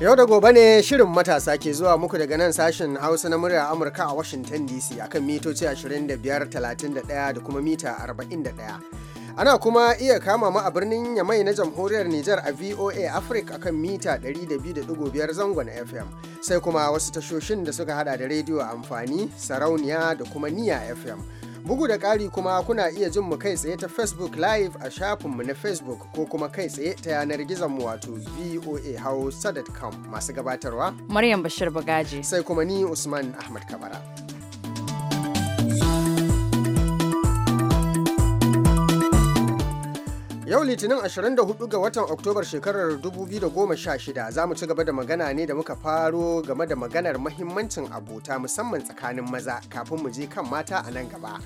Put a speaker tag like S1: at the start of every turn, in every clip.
S1: Yau da gobe ne shirin matasa ke zuwa muku daga nan sashen Hausa na murya Amurka a Washington DC akan mitoci 25, 31 da kuma mita 41. Ana kuma iya kama mu a birnin Yamai na jamhuriyar Nijar a VOA Africa akan mita 200.5 zangon FM. Sai kuma wasu tashoshin da suka hada da rediyo amfani, sarauniya da kuma niya FM. Bugu da ƙari kuma kuna iya jin mu kai tsaye ta Facebook Live a shafinmu na Facebook ko kuma kai tsaye ta yanar gizon mu wato voa Hausa.com masu gabatarwa. Maryam Bashir Bagaji. Sai kuma ni Usman Ahmad Kabara. Yau Litinin 24 ga watan Oktobar shekarar 2016 za mu ci gaba da magana ne da muka faro game da maganar mahimmancin abota musamman tsakanin maza kafin mu je kan mata a nan gaba.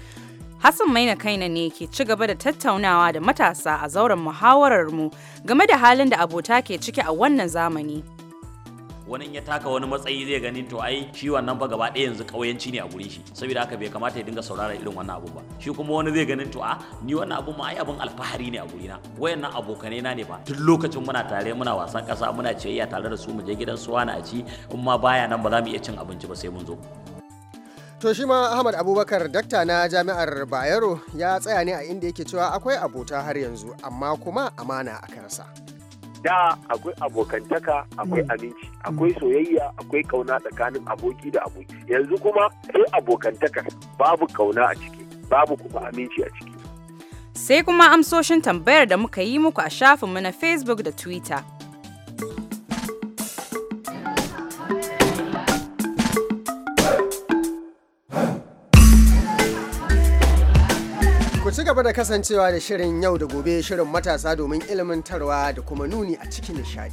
S2: Hassan Maina Kaina ne ke ci gaba da tattaunawa da matasa a zauren muhawararmu game da halin da abota ke ciki a wannan zamani.
S3: wani ya taka wani matsayi zai gani to ai shi wannan fa gaba ɗaya yanzu ƙauyenci ne a gurin shi saboda haka bai kamata ya dinga saurara irin wannan abun ba shi kuma wani zai ganin to a ah, ni wannan abun ma ai abun alfahari ne a gurina wayannan abokanai na ne ba duk lokacin muna tare muna wasan kasa muna ciyayya tare da su mu je gidan su wani a ci in ma baya nan ba za mu iya cin abinci ba sai mun zo
S1: To shi ma Ahmad Abubakar dakta na jami'ar Bayero ya tsaya ne a inda yake cewa akwai abota har yanzu amma kuma amana
S4: a sa. da akwai abokantaka akwai aminci akwai soyayya akwai kauna tsakanin aboki da aboki yanzu kuma sai abokantakar babu kauna a ciki babu kuma aminci a ciki
S2: sai kuma amsoshin tambayar da muka yi muku a shafinmu na facebook da twitter
S1: gaba da kasancewa da shirin yau da gobe shirin matasa domin ilmantarwa da kuma nuni a cikin nishadi.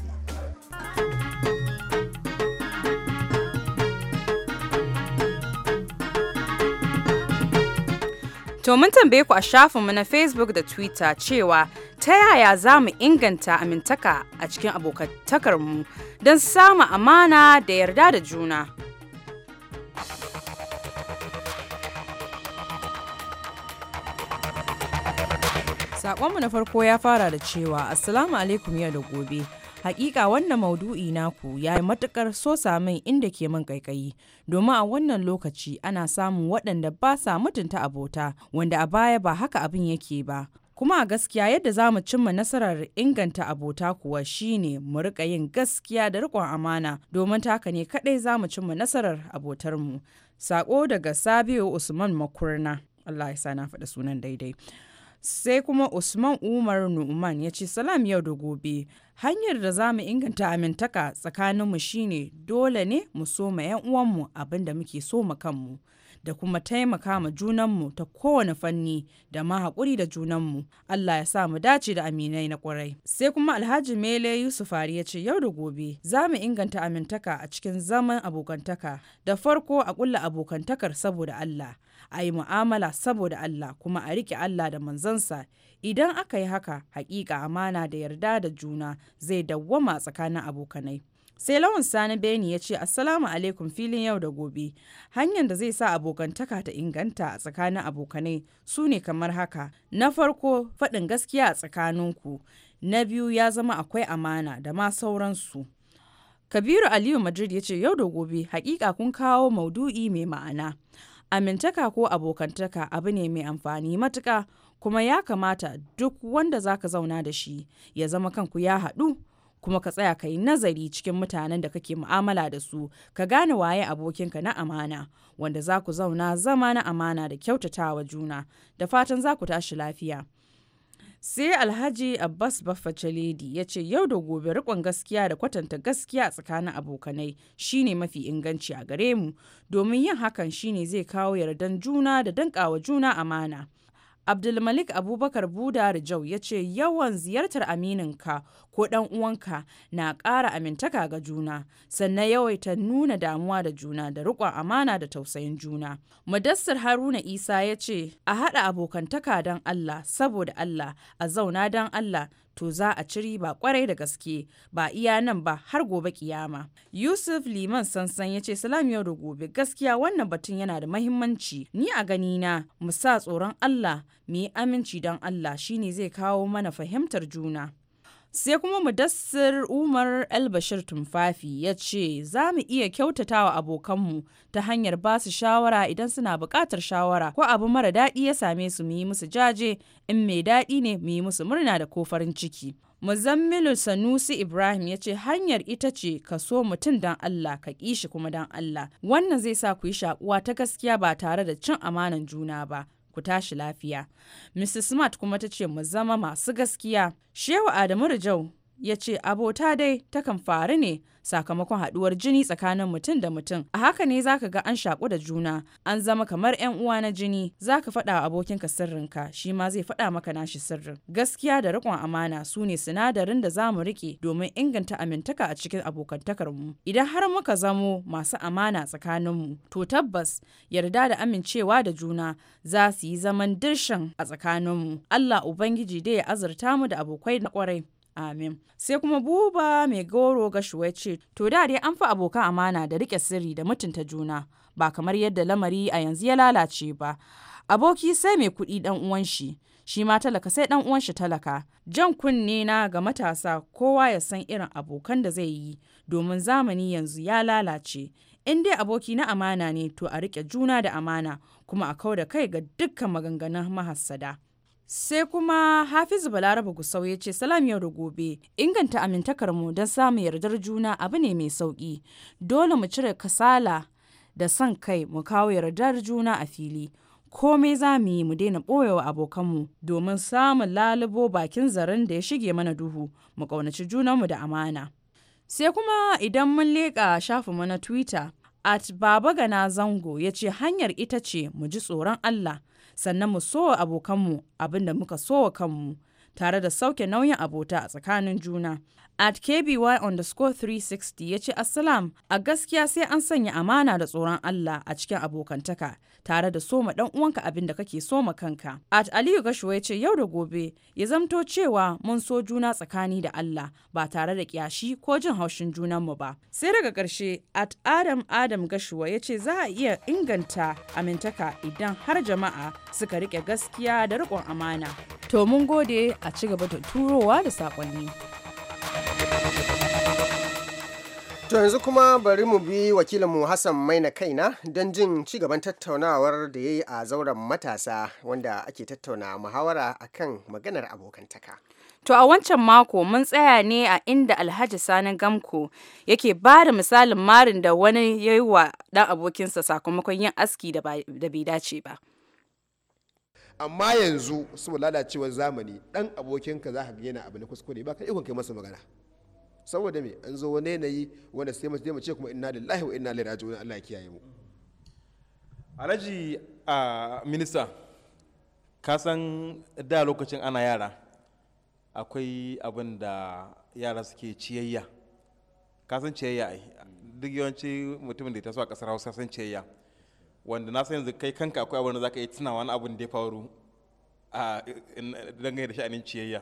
S2: To mun tambaye ku a shafinmu na Facebook da Twitter cewa ta yaya za mu inganta amintaka a cikin abokantakarmu don samun amana da yarda da juna. Sakonmu na farko ya fara da cewa Assalamu alaikum yau da gobe. Hakika wannan maudu'i naku ya yi matukar so min inda ke min kaikayi domin a wannan lokaci ana samun waɗanda ba sa mutunta abota wanda a baya ba haka abin yake ba. Kuma a gaskiya yadda za mu cimma nasarar inganta abota kuwa shine mu rika yin gaskiya da riƙon amana domin taka ne kaɗai za mu cimma nasarar abotarmu. Sako daga Sabiu Usman Makurna. Allah ya sa na faɗa sunan daidai. sai kuma usman umar nu'man ya ce salam yau da gobe hanyar da za mu inganta amintaka tsakaninmu shine dole ne mu so ma 'yan uwanmu abin da muke so ma kanmu da kuma taimaka ma junanmu ta kowane fanni da ma haƙuri da junanmu Allah ya sa mu dace da aminai na ƙwarai sai kuma alhaji mele yusuf ari ya ce yau da gobe za mu inganta amintaka a cikin zaman abokantaka da farko a ƙulla abokantakar saboda Allah a yi mu'amala saboda Allah kuma a riƙe Allah da manzansa idan aka yi haka hakika amana da yarda da juna zai dawwama tsakanin abokanai sai lawan sani beni ya ce assalamu alaikum filin yau da gobe hanyar da zai sa abokantaka ta inganta a tsakanin abokanai su ne kamar haka na farko faɗin gaskiya a tsakaninku na biyu ya zama akwai amana da ma sauransu kabiru aliyu madrid ya ce yau da gobe hakika kun kawo maudu'i mai ma'ana Amintaka ko abokantaka abu ne mai amfani matuka kuma ya kamata duk wanda za ka zauna da shi ya zama kanku ya haɗu kuma ka tsaya ka yi nazari cikin mutanen da kake mu'amala da su ka gane waye abokinka na amana wanda za ku zauna zama na amana da kyautatawa juna da fatan za ku tashi lafiya. sai alhaji abbas baffacaledi ya ce yau da gobe rikon gaskiya da kwatanta gaskiya tsakanin abokanai shine mafi inganci a gare mu domin yin hakan shine zai kawo yardan juna da danƙawa juna amana Abdulmalik Abubakar Buda Rijau ya ce yawan ziyartar amininka ko ɗan uwanka na ƙara amintaka ga juna, sannan yawaita nuna damuwa da juna da riƙon amana da tausayin juna. madassar Haruna Isa ya ce, A haɗa abokantaka don Allah, saboda Allah, a zauna don Allah, to za a ciri ba kwarai da gaske ba iya nan ba har gobe kiyama. Yusuf Liman Sansan ya ce salam yau da gobe gaskiya wannan batun yana da mahimmanci ni a ganina mu sa tsoron Allah mu yi aminci don Allah shine zai kawo mana fahimtar juna. sai kuma mudassir umar albashir tumfafi ya ce za mu iya kyautatawa abokanmu ta hanyar ba su shawara idan suna buƙatar shawara ko abu mara daɗi ya same su mu yi musu jaje in mai daɗi ne mu yi musu murna da ko farin ciki muzammilu sanusi ibrahim ya ce hanyar ita ce ka so mutum don allah ka ƙi shi kuma don allah wannan zai sa ku yi shakuwa ta gaskiya ba tare da cin amanan juna ba ku tashi lafiya. Mrs. Smart kuma ta ce mu zama masu gaskiya. Shehu Adamu Rijau ya ce abota dai takan faru ne sakamakon haɗuwar jini tsakanin mutum da mutum a haka ne zaka ga an shaku da juna an zama kamar 'yan uwa na jini zaka faɗa wa abokinka sirrinka shi ma zai faɗa maka nashi sirrin gaskiya da riƙon amana su ne sinadarin da zamu riƙe domin inganta amintaka a cikin abokantakar mu idan har muka zamo masu amana tsakanin mu to tabbas yarda da amincewa da juna za su yi zaman dirshin a tsakanin mu Allah ubangiji dai ya azurta mu da abokai na kwarai amin sai kuma buba mai goro ga ce to da dai an fi abokan amana da rike sirri da mutunta juna ba kamar yadda lamari a yanzu ya lalace ba aboki sai mai kuɗi ɗan uwan shi shi ma talaka sai ɗan uwan shi talaka jan kunne na ga matasa kowa ya san irin abokan da zai yi domin zamani yanzu ya lalace in dai aboki na amana ne to a rike juna da amana kuma a kau kai ga dukkan maganganun mahassada Sai kuma Hafizu Balaraba Gusau ya ce salam yau da gobe inganta amintakar mu don samun yardar juna abu ne mai sauki dole mu cire kasala da son kai mu kawo yardar juna a fili komai za mu yi mu daina wa abokanmu domin samun lalubo bakin zaren da ya shige mana duhu mu ƙaunaci junanmu da amana. Sai kuma idan mun leƙa mu na Twitter at Baba Gana Zango ya ce hanyar ita ce mu ji tsoron Allah sannan mu sowa abokanmu abin da muka sowa kanmu tare da sauke nauyin abota a tsakanin juna. At KBY underscore 360 ya ce Assalam a gaskiya sai an sanya amana da tsoron Allah a cikin abokantaka tare da soma dan uwanka abin da kake soma kanka at aliyu gashuwa ya ce yau da gobe ya zamto cewa mun so juna tsakani da allah ba tare da kyashi ko jin haushin junan mu ba sai daga ƙarshe at adam adam gashuwa ya ce za a iya inganta amintaka idan har jama'a suka rike gaskiya da riƙon amana to mun gode a ci gaba da turowa da saƙonni. To
S1: yanzu kuma bari mu bi wakilinmu Hassan Maina kaina don jin ci gaban tattaunawar da ya yi a zauren matasa wanda ake tattauna muhawara akan maganar abokantaka.
S2: To a wancan mako mun tsaya ne a inda Alhaji Sani Gamko yake ba da misalin marin da wani ya yi wa ɗan abokinsa sakamakon yin aski da bai dace ba.
S5: Amma yanzu saboda lalacewar zamani ɗan abokinka za ka yana abu na kuskure ba ka ikon kai masa magana. saboda me an zo wani yanayi wanda sai mace mace kuma inna lillahi wa inna ilaihi raji'un Allah ya kiyaye mu
S6: Alhaji a minista ka san da lokacin ana yara akwai abin da yara suke ciyayya ka san ciyayya ai duk yawanci mutumin da ya taso a kasar Hausa san ciyayya wanda na san yanzu kai kanka akwai abin da zaka yi tuna wani abin da ya faru a dangane da sha'anin ciyayya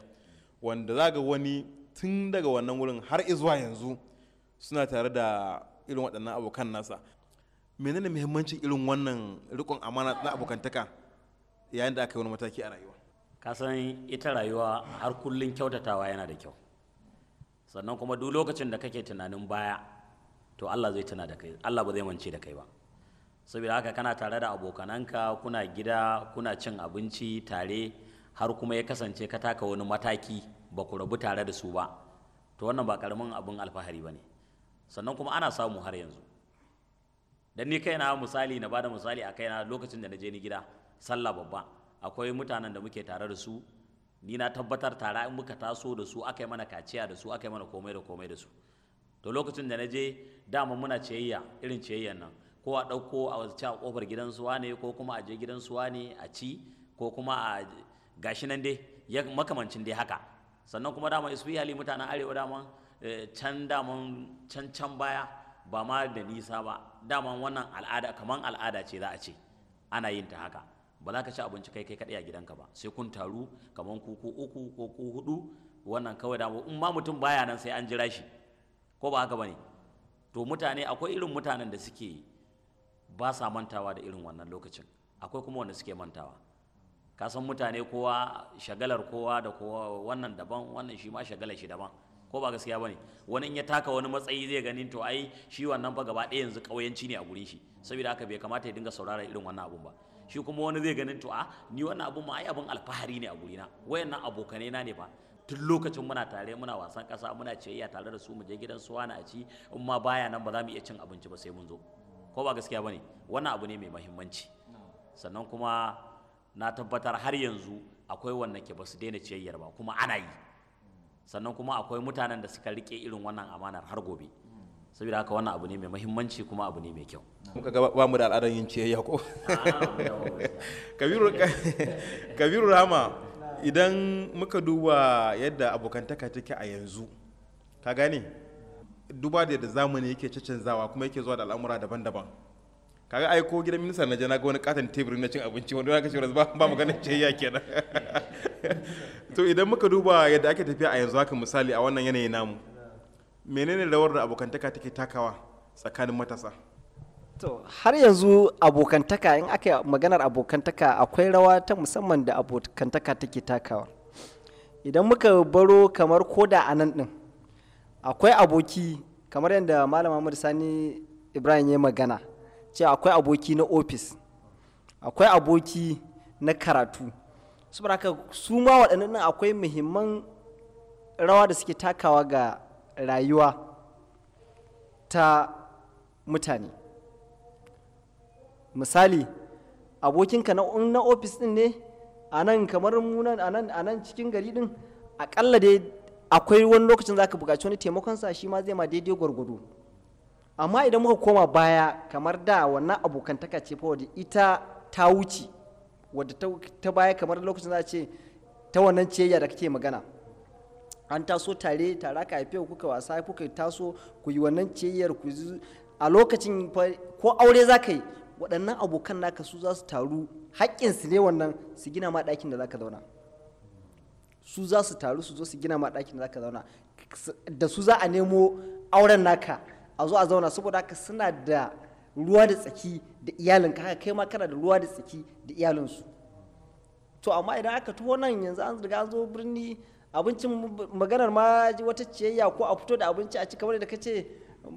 S6: wanda za ga wani tun daga wannan wurin har zuwa yanzu suna tare da irin waɗannan abokan nasa menene muhimmancin irin wannan
S3: rikon amana na abokantaka yayin da aka yi wani mataki a rayuwa ka san ita rayuwa har kullun kyautatawa yana da kyau sannan kuma duk lokacin da kake tunanin baya to Allah zai tuna da kai Allah ba zai mance da kai ba saboda haka kana tare da abokananka kuna gida kuna cin abinci tare har kuma ya kasance ka taka wani mataki ba ku rabu tare da su ba to wannan ba karamin abin alfahari ba ne sannan kuma ana samu har yanzu dan ni kaina misali na bada misali a kaina lokacin da na je ni gida sallah babba akwai mutanen da muke tare da su ni na tabbatar tare in muka taso da su aka mana kaciya da su aka mana komai da komai da su to lokacin da na je dama muna ciyayya irin ciyayyan nan ko a ɗauko a wace a ƙofar gidan suwa ne ko kuma a je gidan suwa ne a ci ko kuma a gashi nan dai makamancin dai haka sannan kuma dama especially mutanen arewa dama eh, can daman can can baya ba ma da nisa ba dama wannan al'ada kamar al'ada ce za a ce ana yin ta haka ba za ka ci abinci kai kai kaɗai a gidanka ba sai kun taru kamar ku ko uku ko ku hudu wannan kawai dama in ma mutum baya nan sai an jira shi ko ba haka bane to mutane akwai irin mutanen da suke ba sa mantawa da irin wannan lokacin akwai kuma wanda suke mantawa ka san mutane kowa shagalar kowa da kowa wannan daban wannan shi ma shagalar shi daban ko ba gaskiya bane wani in ya taka wani matsayi zai gani to ai shi wannan fa gaba ɗaya yanzu ƙauyanci ne a gurin shi saboda haka bai kamata ya dinga saurara irin wannan abun ba shi kuma wani zai ganin to a ah, ni wannan abun ma ai abun alfahari ne a gurina wayannan abokanai na ne fa tun lokacin muna tare muna wasan ƙasa muna ciyayya tare da su mu je gidan su wani a ci in ma baya nan ba za mu iya cin abinci ba sai mun zo ko ba gaskiya bane wannan abu ne mai muhimmanci sannan kuma na tabbatar har yanzu akwai wanda ke ba su daina ciyayyar ba kuma ana yi sannan kuma akwai mutanen da suka rike irin wannan amanar har gobe saboda haka wannan abu ne mai mahimmanci kuma abu ne mai kyau muka ga ba mu da al'adar yin ciyayya ko kabiru
S6: kabiru rama idan muka duba yadda abokantaka take a yanzu ka gane duba da yadda zamani yake canzawa kuma yake zuwa da al'amura daban-daban kaga ai ko gidan minista na je na ga wani katon teburin na cin abinci wanda na kashe ba ba magana ce ya kenan to idan muka duba yadda ake tafiya a yanzu haka misali a wannan yanayi namu menene rawar da abokantaka take takawa tsakanin matasa
S7: To har yanzu abokantaka in aka maganar abokantaka akwai rawa ta musamman da abokantaka take takawa. Idan muka baro kamar koda a nan din akwai aboki kamar yadda Malam Muhammad Sani Ibrahim ya magana ce akwai aboki na ofis akwai aboki na karatu saboda haka su ma waɗannan akwai muhimman rawa da suke takawa ga rayuwa ta mutane misali abokinka na ofis ɗin ne a nan kamar munan a nan cikin gari ɗin aƙalla dai akwai wani lokacin za ka buƙaci wani taimakonsa shi ma zai ma daidai gwargwado amma idan muka koma baya kamar da wannan abokantaka ce fa ita ta wuce wadda ta baya kamar lokacin za a ce ta wannan ciyayya da kake magana an taso tare tare ka haife kuka wasa kuka taso ku yi wannan ciyayyar ku a lokacin ko aure za ka yi waɗannan abokan naka su za su taru haƙƙinsu ne wannan su gina ma ɗakin da za ka zauna su za su taru su zo su gina ma ɗakin da za ka zauna da su za a nemo auren naka a zo a zauna saboda haka suna da ruwa da tsaki da iyalin haka kai ma kana da ruwa da tsaki da iyalinsu to amma idan aka tuho nan yanzu an riga an zo birni abincin maganar ma wata ciyayya ko a fito da abinci a ci kamar da kace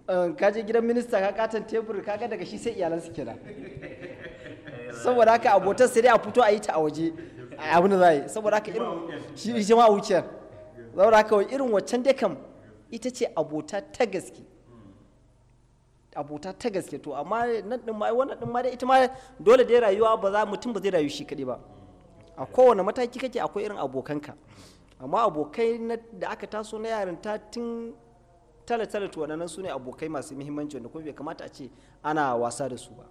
S7: eh, ka je gidan minista ka katon tebur ga daga shi sai iyalansu kira saboda haka abotar sai dai a fito a yi ta a waje abin da za yi saboda haka irin shi ma wuciyar saboda haka irin waccan dai kam ita ce abota ta gaske abota ta gaske to amma nan din ma wannan din ma dai ita ma dole dai rayuwa ba za mutum ba zai rayu shi kadai ba a kowane mataki kake akwai irin abokanka amma abokai da aka taso na yarinta tun tala tala to wannan su ne abokai masu muhimmanci wanda kuma bai kamata a ce ana wasa da su ba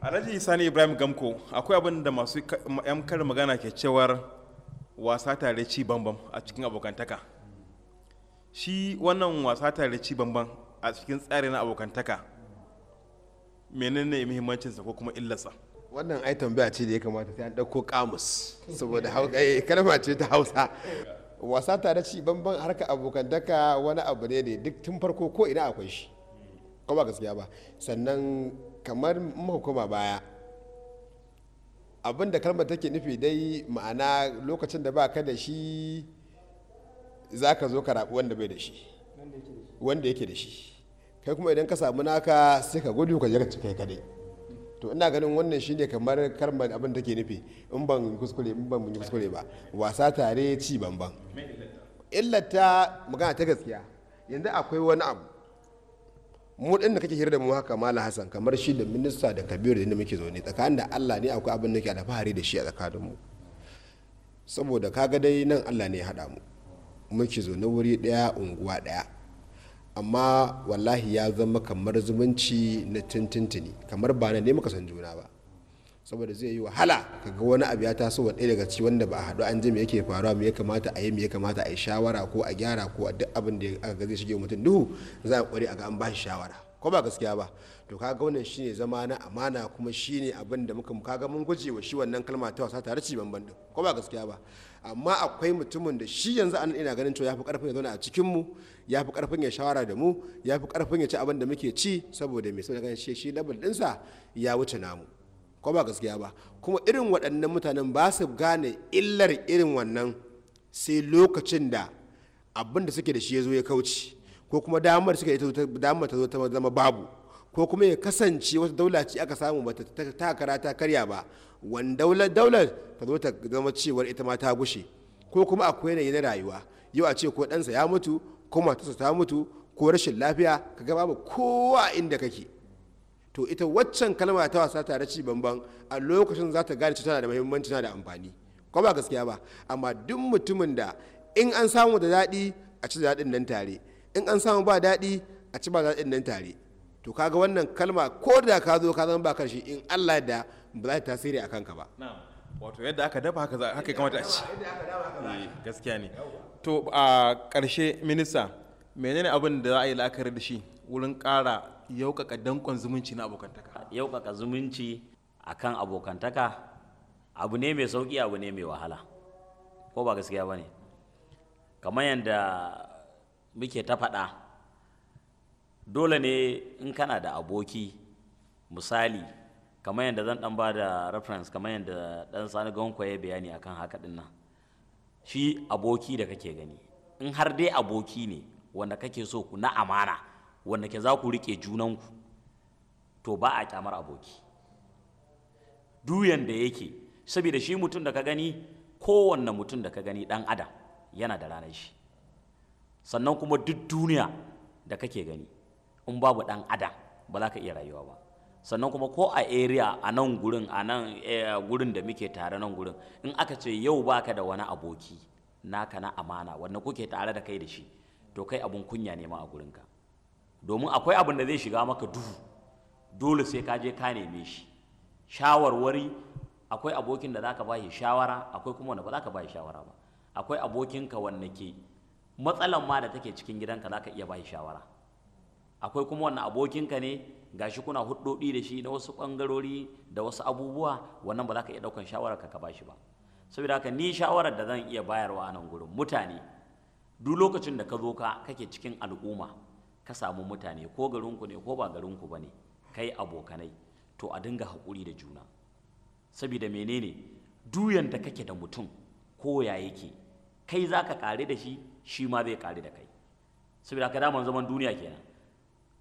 S6: alhaji sani ibrahim gamko akwai abin da masu yan karin magana ke cewar wasa tare ci bambam a cikin abokantaka shi wannan wasa tare ci bambam a cikin tsari na abokantaka menene muhimmancinsa ko kuma illarsa
S5: wannan ai tambaya ce da ya kamata sai an ɗauko kamus saboda eh, kalma ce ta hausa wasa tare ci banban harka abokantaka wani abu ne ne duk tun farko ko ina akwai shi ko ba gaskiya ba sannan kamar muka koma baya abin da kalmar take nufi dai ma'ana lokacin da ba ka da shi za ka zo ka raɓi wanda bai da shi wanda yake da shi kai kuma idan ka samu naka sai ka gudu ka jira ka kai kadai to ina ganin wannan shine kamar karma abin da ke nufi in ban kuskure in ban yi kuskure ba wasa tare ci banban illata magana ta gaskiya yanzu akwai wani abu mu din da kake hira da mu haka malam hasan kamar shi da minista da kabiru da muke zaune tsakanin da Allah ne akwai abin da ke alfahari da shi a tsakanin mu saboda kaga dai nan Allah ne ya hada mu muke zaune wuri daya unguwa daya amma wallahi ya zama kamar zumunci na tintintini kamar ba na nema kasan juna ba saboda zai yi wahala ka ga wani abu ya taso wa ɗaya daga ci wanda ba a haɗu an ji me yake faruwa me ya kamata a yi me ya kamata a yi shawara ko a gyara ko a duk abin da aka ga zai shige mutum duhu za a ƙware a ga an ba shi shawara ko ba gaskiya ba to kaga wannan shine zama na amana kuma shine abin da muka kaga mun guje wa shi wannan kalma ta wasa tare ci banban din ko ba gaskiya ba amma akwai mutumin da shi yanzu anan ina ganin cewa yafi karfin ya zauna a cikin mu yafi karfin ya shawara da mu yafi karfin ya ci abin da muke ci saboda me saboda ganin shi level sa ya wuce namu ko ba gaskiya ba kuma irin waɗannan mutanen ba su gane illar irin wannan sai lokacin da abin da suke da shi ya zo ya kauce ko kuma damar suke ita damar ta zo ta zama babu ko kuma ya kasance wata daula ce aka samu ba ta ta karya ba wani daular daular ta zo ta zama cewar ita ma ta gushe ko kuma akwai yanayi na rayuwa yau a ce ko ɗansa ya mutu ko matarsa ta mutu ko rashin lafiya ka gaba ba kowa inda kake to ita waccan kalma ta wasa tare ci banban a lokacin za ta gane ci tana da muhimmanci tana da amfani ko ba gaskiya ba amma duk mutumin da in an samu da daɗi a ci daɗin nan tare in an samu ba daɗi a ci ba daɗin nan tare to kaga wannan kalma ko da ka zo ka zama ba karshe in Allah da ba za ta tasiri a kanka ba
S8: wato
S6: yadda aka dafa haka za haka kamata a ci eh, gaskiya ne to a karshe minista menene abin da za a yi la'akari da shi wurin ƙara yaukaka dankon
S3: zumunci na abokantaka yaukaka zumunci akan abokantaka abu ne mai sauki abu ne mai wahala ko ba gaskiya ba ne kamar yadda muke ta faɗa dole ne in kana da aboki misali kamar yadda zan dan ba da reference kamar yadda dan sani gonko ya bayani akan haka din nan shi aboki da kake gani in har dai aboki ne wanda kake so ku na amana wanda ke za ku riƙe junanku to ba a kyamar aboki duyan da yake saboda shi mutum da ka gani kowanne mutum da ka gani dan adam yana da ranar shi sannan kuma duk duniya da kake gani in babu ɗan adam ba za ka iya rayuwa ba sannan kuma ko a area a nan gurin a nan eh, gurin da muke tare nan gurin in aka ce yau baka da wani aboki naka na amana wanda kuke tare da kai da shi to kai abun kunya ne ma a gurinka domin akwai abin da zai shiga maka duhu dole sai ka je ka neme shi shawarwari akwai abokin da zaka bashi shawara akwai kuma wanda ba zaka bashi shawara ba akwai abokinka wanda ke matsalan ma da take cikin gidanka zaka iya bashi shawara akwai kuma wannan abokinka ne gashi kuna huddodi da shi na wasu bangarori da wasu abubuwa wannan ba za ka iya ɗaukan shawarar ka ba shi ba saboda haka ni shawarar da zan iya bayarwa a nan gurin mutane duk lokacin da ka zo ka kake cikin al'umma ka samu mutane ko garinku ne ko ba garinku ba ne kai abokanai to a dinga haƙuri da juna saboda menene duyan da kake da mutum ko ya yake kai za ka kare da shi shi ma zai kare da kai saboda haka daman zaman duniya kenan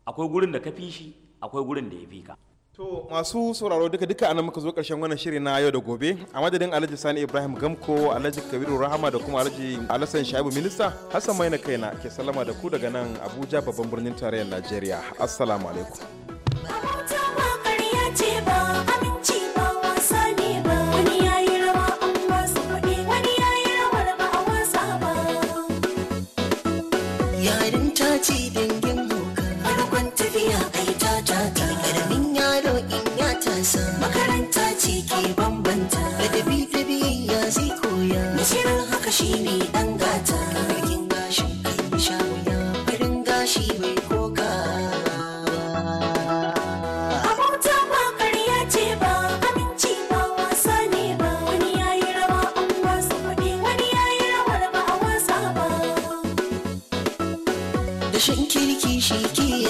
S3: akwai gurin da ka fi shi akwai gurin da ya fi ka
S6: To masu sauraro duka duka anan muka zo karshen wannan shiri na yau da gobe a madadin Alhaji Sani Ibrahim Gamko Alhaji Kabiru Rahama da kuma Alhaji alasan Shaibu Minista Hassan Maina kaina ke salama da ku daga nan Abuja babban birnin tarayyar Najeriya Assalamu alaikum
S8: da shan kirki shi ke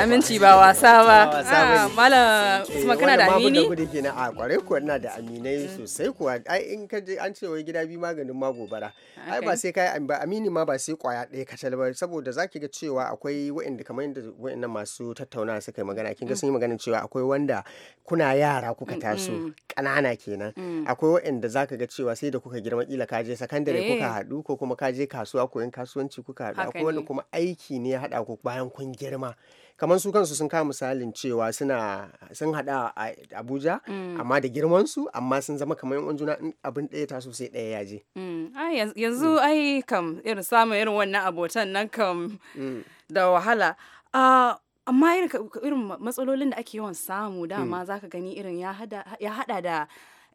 S2: aminci ba wasa ba ah, mala eh, usman kana da amini gudu
S1: kenan a kwarai na ah, da aminai sosai kuwa ai in ka je an ce wai gida biyu maganin magobara ai ba sai kai ba amini ma ba sai kwaya ɗaya ka ba saboda zaki ga cewa akwai waɗanda kamar yadda waɗannan masu tattauna suka yi magana kin ga sun yi magana cewa akwai wanda kuna yara kuka mm, taso mm. ƙanana kenan mm. akwai waɗanda zaka ga cewa sai da kuka girma kila ka je sakandare kuka eh. haɗu ko kuma ka je kasuwa koyon kasuwanci kuka haɗu akwai wanda kuma aiki ne ya haɗa ku bayan kun girma kamar su kansu sun kawo misalin cewa suna sun hada a abuja mm. amma da girman su amma sun zama kamar yan juna abin daya taso sai daya ya je
S2: mm. yanzu mm. ai kam irin samun irin wannan abotan nan kam da wahala ah, amma irin matsalolin da ake yawan samu dama zaka gani irin ya hada da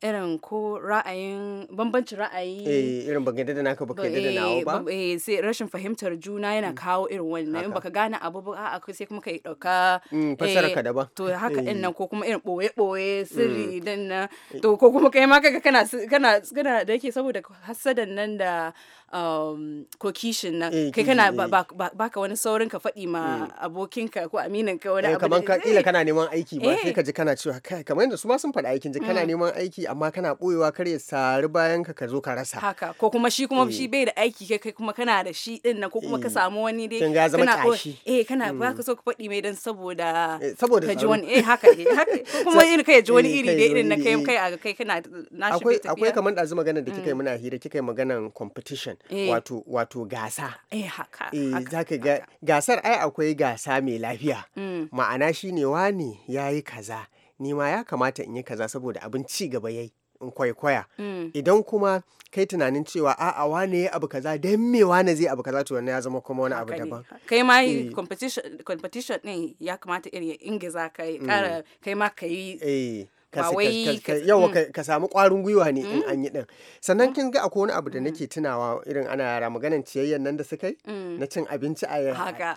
S2: irin ko ra'ayin bambancin ra'ayi eh irin
S1: baka da naka baka da eh, nawa ba
S2: eh sai rashin fahimtar juna yana mm. kawo irin wannan in baka gane abu ba a'a sai kuma kai dauka fasara ka mm, eh, daban to haka din nan eh. ko kuma irin boye boye sirri din mm. nan to ko kuma kai ma kaga kana kana da yake saboda hasadan nan da Um, ko kishin nan eh, kai kana eh. baka wani saurin ka faɗi ma mm. abokinka ko aminin ka wani eh, abu kamar ka kila
S1: kana neman aiki ba sai ka ji kana cewa kai kamar yadda su ma sun faɗi aikin ji kana mm. neman aiki amma kana boyewa kar ya sari bayan ka ka zo ka rasa haka
S2: ko kuma shi kuma shi bai da aiki kai kai kuma kana da shi din nan ko kuma ka samu wani dai kana zama eh kana ba mm. ka so ka faɗi mai dan saboda saboda ka ji wani eh haka haka kuma irin kai ji wani iri dai irin na kai kai a kai kana na shi akwai akwai
S1: kamar ɗazu ganin da kika yi muna hira kika yi maganan competition Eh. wato wato gasa eh haka eh zaka ga gasar ai akwai gasa mai lafiya mm. ma'ana shine wani yayi kaza ni ma ya kamata in yi kaza saboda abin ci gaba yayi in kwaikwaya mm. idan kuma kai tunanin cewa a'a wane ya abu kaza dan me wane zai abu kaza to wannan ya zama kuma wani abu daban kai ma eh.
S2: competition competition din ya kamata irin ingiza kai kara mm. kai ma kai
S1: ba wai yawa mm. ka samu kwarin gwiwa ne in mm. an yi din sannan mm. kin ga akwai wani abu da nake tunawa irin ana yara maganan ciyayyan nan da suka yi na cin abinci a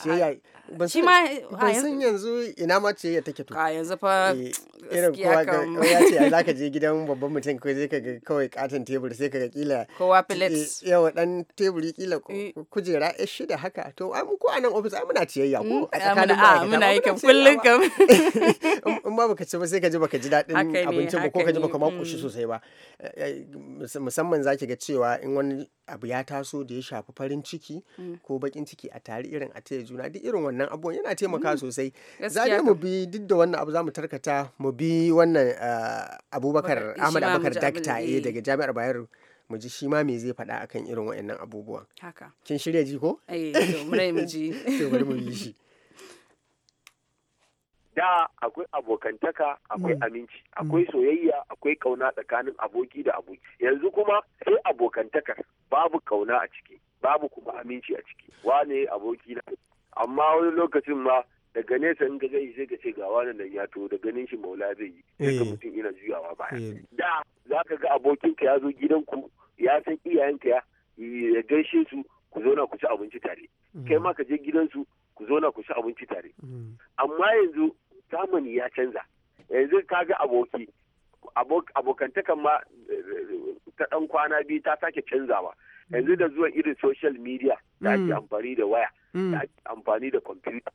S1: ciyayya ban san yanzu ina ma ciyayya take to a yanzu fa eh, irin kowa ga ya ce za ka je gidan babban mutum ko zai ka ga kawai katin tebur sai ka ga kila kowa eh, plates yawa dan tebur kila eh. kujera ya shida haka to ai mu ko a nan office ai muna ciyayya ko
S2: a tsakanin ma'aikata muna yi kan kullum kam
S1: in ma baka ci ba sai ka ji baka ji daɗin cin abincin ba ko ka ji baka ma kushi mm. sosai ba eh, eh, musamman zaki ga cewa in wani abu ya taso da ya shafi farin ciki mm. ko bakin ciki a tare irin a taya juna duk irin wannan abubuwan yana taimaka mm. sosai za mu bi duk da wannan abu za mu tarkata mu bi wannan eh, abubakar ahmad abubakar dakta daga jami'ar bayero mu ji shi ma me zai faɗa akan irin wa'annan abubuwan kin shirya ji ko eh to mu ji to bari mu bi shi
S4: da akwai abokantaka akwai mm. aminci akwai mm. soyayya akwai kauna tsakanin aboki da aboki yanzu kuma sai abokantakar babu kauna a ciki babu kuma aminci a ciki wane aboki na amma wani lokacin ma daga nesa in ga zai sai ka ce ga wani nan ya to da ganin shi maula zai yi sai eh. mutum ina juyawa baya eh. da za ka ga abokinka ya zo gidan ku ya san iyayenka ya ya gaishe su ku zo na ku ci abinci tare kai mm. ma ka je gidansu ku zo na ku ci abinci tare amma yanzu zamani ya canza yanzu kaga aboki abokantakan ma ta ɗan kwana biyu ta sake canzawa yanzu da zuwa irin social media da ake mm. amfani da waya mm. da ake amfani da kwamfuta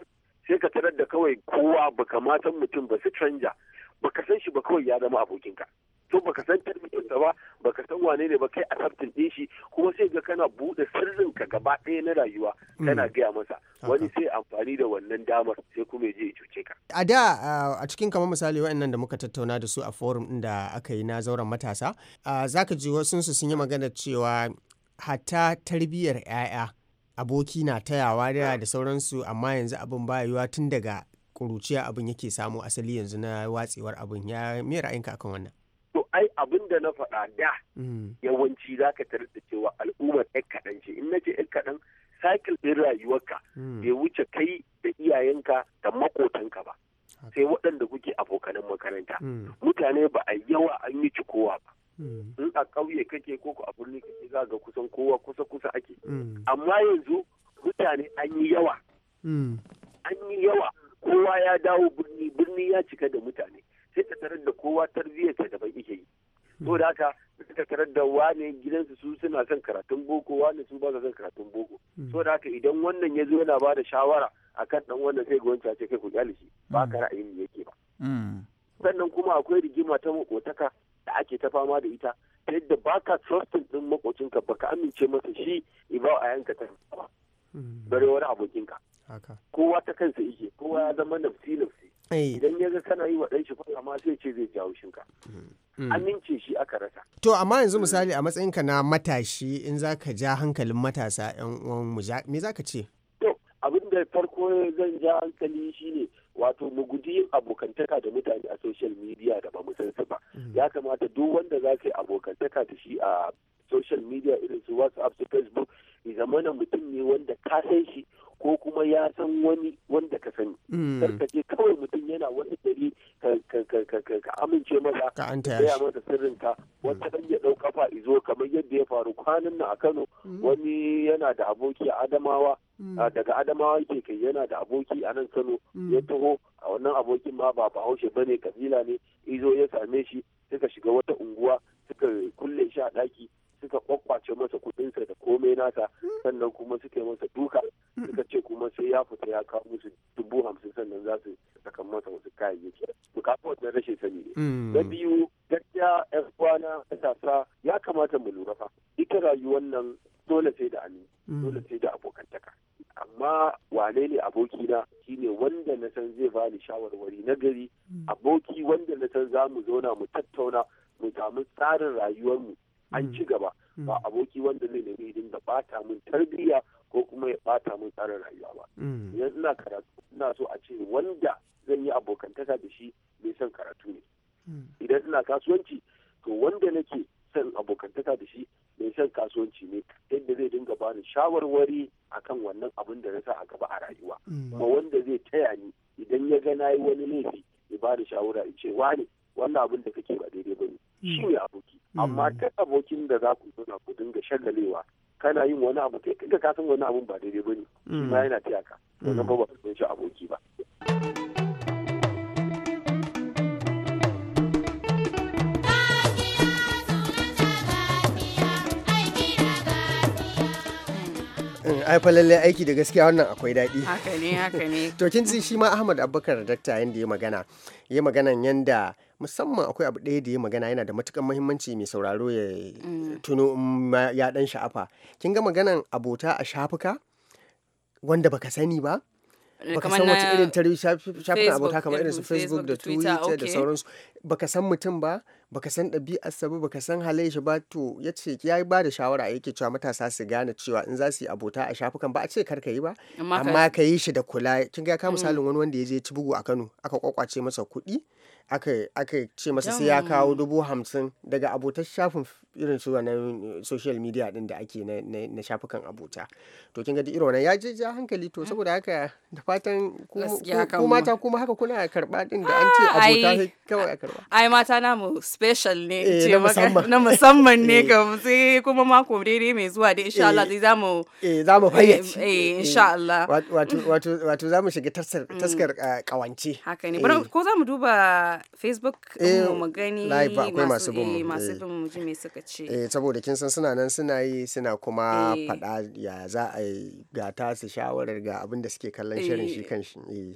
S4: sai ka tarar da kawai kowa baka matan mutum ba su canja baka san shi ba kawai ya zama abokinka to baka san tarbiyarsa ba baka san wane ne ba kai a sabtin din shi kuma sai ga kana buɗe sirrin ka gaba ɗaya na rayuwa hmm. kana gaya masa wani sai amfani da wannan damar sai kuma ya je cuce ka
S1: a da a cikin kamar misali wa'annan da muka tattauna da su a forum din da aka yi na zauren matasa zaka ji wasu sun yi magana cewa hatta tarbiyyar 'ya'ya aboki na tayawa da da sauransu amma yanzu abin ba yiwa tun daga ƙuruciya abin yake samu asali yanzu na watsewar abin ya me ra'ayinka akan wannan
S4: to ai abin da na faɗa da mm. yawanci za ka tarar cewa al'ummar ɗan kaɗan ce in na ce ɗan kaɗan cycle ɗin rayuwarka mm. bai wuce kai da iyayenka da makotanka ba sai waɗanda kuke abokanan makaranta mm. mutane ba a yawa an yi cikowa ba in a ƙauye kake ko a birni kake za ga kusan kowa kusa kusa ake amma yanzu mutane an yi yawa an yi yawa kowa ya dawo birni birni ya cika da mutane tarar da kowa tarbiyyarsa daban ike yi to hmm. da haka suka tarar da wane gidansu su suna son karatun boko wane su ba su son karatun boko hmm. so da haka idan wannan ya zo yana ba da shawara akan dan wannan sai gwanci ce kai ku kyale shi ba ka hmm. ra'ayin da yake ba sannan kuma akwai rigima ta makotaka da ake ta fama da ita yadda ba ka trusting din makocinka ba ka amince masa shi ibau a yanka ta bare wani abokinka kowa ta kansa ike kowa ya zama nafsi nafsi idan ya ga kana yi wa ɗan shi fara ma sai ce zai jawo shinka hmm. hmm. amince shi aka rasa
S1: to amma yanzu misali a matsayinka na matashi in zaka ja hankalin matasa yan uwan mu me za ka ce
S4: to abin da farko zan ja hankali shine wato mu guji yin abokantaka da mutane a social media da ba mu san su ba hmm. ya kamata duk wanda za ka yi abokantaka da shi a social media irin su whatsapp su facebook ya zamana mutum ne wanda ka san shi ko kuma ya san wani wanda ka sani hmm. ka kawai mutum yana wani dari ka amince masa ka gaya masa sirrinka wata dan ya dauka kafa izo kamar yadda ya faru kwanan nan a Kano hmm. wani yana da aboki a Adamawa hmm. daga Adamawa yake kai yana da aboki a nan Kano ya taho a wannan abokin ma ba Bahaushe bane kabila ne izo ya same shi suka shiga wata unguwa suka kulle shi a daki suka kwakwace masa kuɗinsa da komai nasa sannan kuma suke masa duka suka ce kuma sai ya fita ya kawo musu dubu hamsin sannan za su saka masa wasu kayayyaki to kafa wannan rashin sani ne na mm. biyu gaskiya yan kwana matasa ya kamata mu lura fa ita rayuwar nan dole sai da ani mm. dole sai da abokantaka amma wane ne abokina shine wanda na san zai bani shawarwari na gari mm. aboki wanda na san za mu zauna mu tattauna mu samu tsarin rayuwar mu. an mm. ci gaba ba mm. aboki wanda zai nemi idin da bata min tarbiyya ko kuma ya bata min tsarin rayuwa ba yanzu mm. ina karatu ina so a ce wanda zan yi abokantaka da shi mai son karatu ne idan ina kasuwanci to wanda nake son abokantaka da shi mai son kasuwanci ne yadda zai dinga bani shawarwari akan wannan abin da na sa a gaba a rayuwa kuma wanda zai taya ni idan ya ga na wani laifi ya bani shawara in ce wane wannan abin da kake ba daidai ba ne shi ne aboki amma duk hmm. abokin da za ku zauna ku dinga shagalewa kana yin wani abu kai kinga ka san wani abun ba daidai bane ne ma hmm. yana taya ka wannan ba ba san shi aboki ba
S1: eh, ai fa lallai aiki da gaskiya wannan akwai daɗi
S2: haka ne haka ne
S1: to kin ji shi ma Ahmad Abubakar dakta yanda ya magana ya magana yanda musamman akwai abu ɗaya da ya magana yana da matukan mahimmanci mai sauraro ya mm. tuno ya dan sha'afa kin ga maganan abota a shafuka wanda baka sani ba
S2: eh, baka san wata irin
S1: tarihi shafin abota kamar irin su facebook da twitter da sauransu baka san mutum ba baka san ɗabi'arsa ba baka san halayen shi ba to ya ce ya ba da shawara yake cewa matasa su gane cewa in za su yi abota a shafukan ba a ce kar ka yi ba amma ka yi shi da kula kin ga ka mm. misalin wani wanda ya je ci bugu a Kano aka kwakwace masa kuɗi aka ce masa sai ya kawo dubu hamsin daga abotar shafin irin su wannan eh, social media din da ake na shafukan abota to kin ga duk irin wannan ya je ja hankali to saboda haka da fatan
S2: ku mata
S1: kuma haka kuna karba din da an ce ah, abota kawai a karba
S2: ai mata namu special ne eh, ce na musamman ne ga eh. sai kuma mako daidai mai zuwa da insha Allah zai zamu eh zamu fayyace eh insha Allah
S1: wato wato wato zamu shiga taskar mm. taskar kawance ah, haka ne
S2: ko zamu duba Facebook mu gani masu bin mu ji me suka ce eh
S1: saboda kin san suna nan suna yi suna kuma eh. faɗa ya za a yi ga ta su shawarar ga abin da suke kallon shirin shi eh. kan shi eh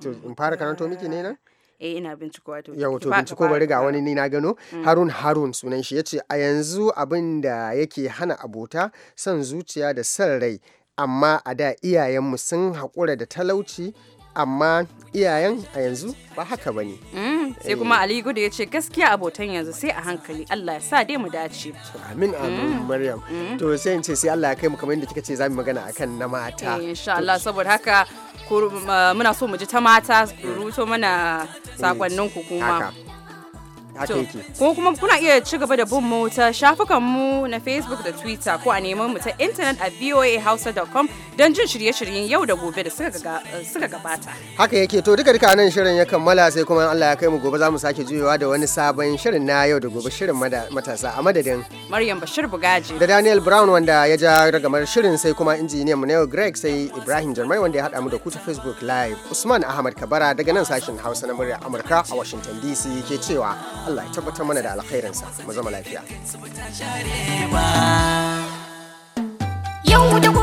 S1: to in fara karanto
S2: miki ne nan eh ina bincikowa to yau to binciko bari ga
S1: wani ni na gano mm. harun harun sunan shi yace a yanzu abin da yake hana abota son zuciya da son rai amma a da iyayen mu sun haƙura da talauci amma iyayen a yanzu ba haka bane
S2: mm. sai kuma ali gudu ya ce gaskiya abotan yanzu sai a hankali allah ya sa dai mu dace amin amin mm. maryam mm.
S1: to sai in ce sai allah ya kai mu kamar yadda kika ce za mu magana akan na mata eh,
S2: insha allah saboda haka muna so mu ji ta mata mm. rubuto mana sakonnin ku kuma haka yake ko kuma kuna iya ci gaba da bin mota ta shafukan mu na facebook da twitter ko a neman mu ta intanet a voahausa.com don jin shirye-shiryen yau da gobe da suka gabata
S1: haka yake to duka duka nan shirin ya kammala sai kuma Allah ya kai mu gobe za mu sake juyawa da wani sabon shirin na yau da gobe shirin matasa a madadin
S2: Maryam Bashir Bugaji da
S1: Daniel Brown wanda ya ja ragamar shirin sai kuma injiniyan mu na yau Greg sai Ibrahim Jarmai wanda ya haɗa mu da ku Facebook Live Usman Ahmad Kabara daga nan sashen Hausa na murya Amurka a Washington DC ke cewa Allah ya tabbatar mana da alkhairinsa mu zama lafiya
S8: yau da